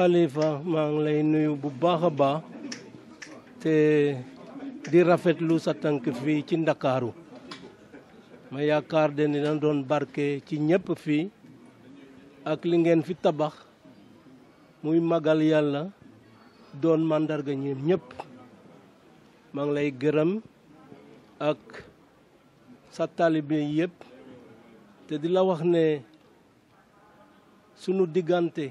xalifa maa ngi lay nuyu bu baax a baax te di rafetlu sa tànk fii ci ndakaaru ma yaakaar de dina doon barke ci ñëpp fii ak li ngeen fi tabax muy magal yàlla doon màndarga ñoom ñëpp maa ngi lay gërëm ak sa taalibe yëpp te di la wax ne sunu diggante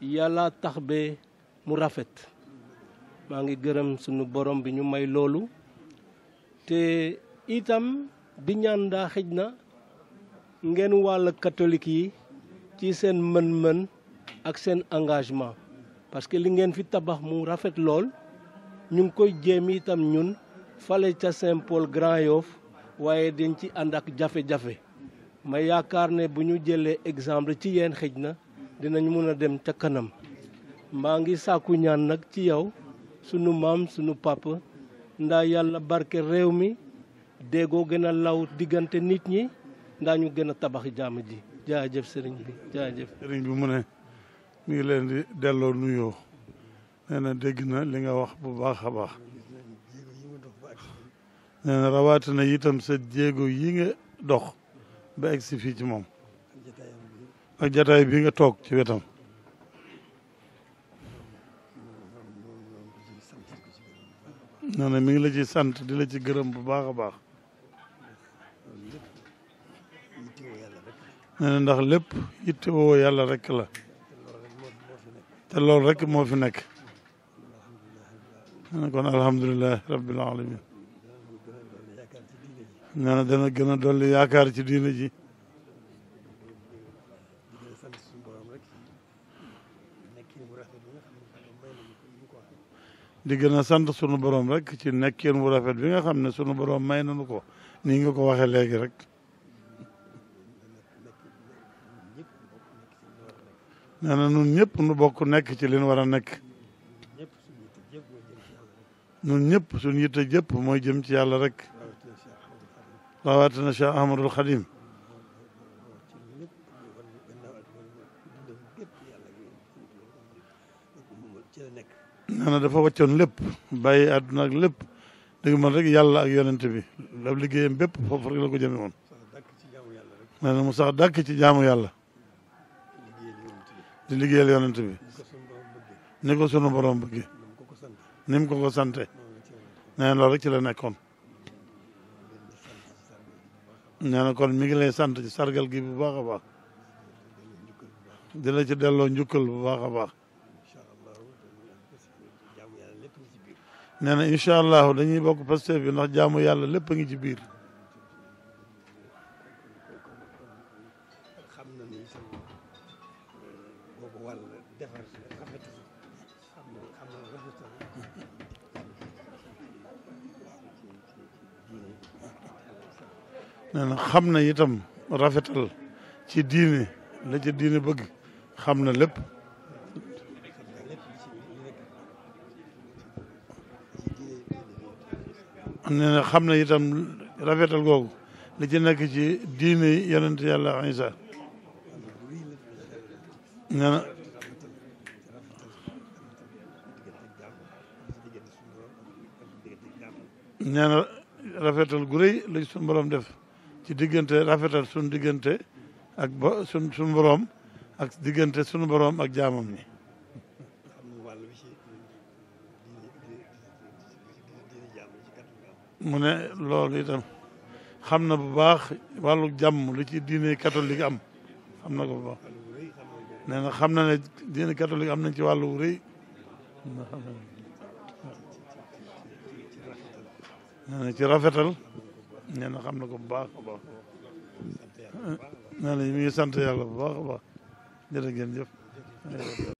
yàlla tax be mu rafet maa ngi gërëm sunu borom bi ñu may loolu te itam di ñaan daa na ngeen wàll katolik yi ci seen mën-mën ak seen engagement parce que li ngeen fi tabax mu rafet lool ñu ngi koy jéem itam ñun fale ca seen Paul Grand Yoff waaye dañ ci ànd ak jafe-jafe ma yaakaar ne bu ñu jëlee exemple ci yéen xëj na dinañu mën a dem ca kanam maa ngi saaku ñaan nag ci yow sunu maam sunu papa ndaa yàlla barke réew mi déggoo gën a law diggante nit ñi ndaa ñu gën a tabaxi jaam ji jaajëf sëriñ bi jaajëf. sëriñ bi mu ne mi ngi leen di delloo nuyoo nee na dégg na li nga wax bu baax a baax nee na rawatina itam sa jéego yi nga dox ba egsi fii ci moom. ak jataay bii nga toog ci wetam nee na mi ngi la ci sant di la ci gërëm bu baax a baax nee ndax lépp yitte woo yàlla rek la te loolu rek moo fi nekk nee na kon alhamdulilahi rabbil alamin nee na dana gën a dolli yaakaar ci diina ji sant suñu borom gën sant sunu borom rekk ci nekkin wu rafet bi nga xam ne sunu borom may nañu ko nii nga ko waxee léegi rek. nee na ñun ñëpp nu bokk nekk ci li ñu war a nekk. ñun ñëpp suñu yitte jëpp mooy jëm ci yàlla rek. rawatina Cheikh Ahmadul Khadim. ne dafa waccoon lépp bàyyi àdduna ak lépp dëgg man rek yàlla ak yonent bi ab liggéeyam bépp foofu rek la ko jëme woon nee na mu sax dàkk ci jaamu yàlla di liggéeyal yonent ni ko sunu borom bëgge ni mu ko sante nee na loolu rek ci la nekkoon nee na kon mi ngi lay sant ci sargal gi bu baax a baax di la delloo njukkal bu baax a baax nee na incha allahu dañuy bokk Pastef ndax jaamu yàlla lépp a ngi ci biir. nee na xam na itam rafetal ci diine la ca diine bëgg xam na lépp. nee na xam na itam rafetal googu li ci nekk ci diine yonent yàlla Isa nee na nee na rafetal gu rëy la suñu def ci diggante rafetal suñu diggante ak ba suñ suñu borom ak diggante suñu boroom ak jaamam ñi mu ne loolu itam xam na bu baax wàllu jàmm lu ci diine catholique am xam na ko bu baax nee xam na ne diine catholique am nañ ci wàllu rëy nee na ci rafetal nee na xam na ko bu baax a baax mi ngi sant yàlla bu baax a baax jërë ngeen jëf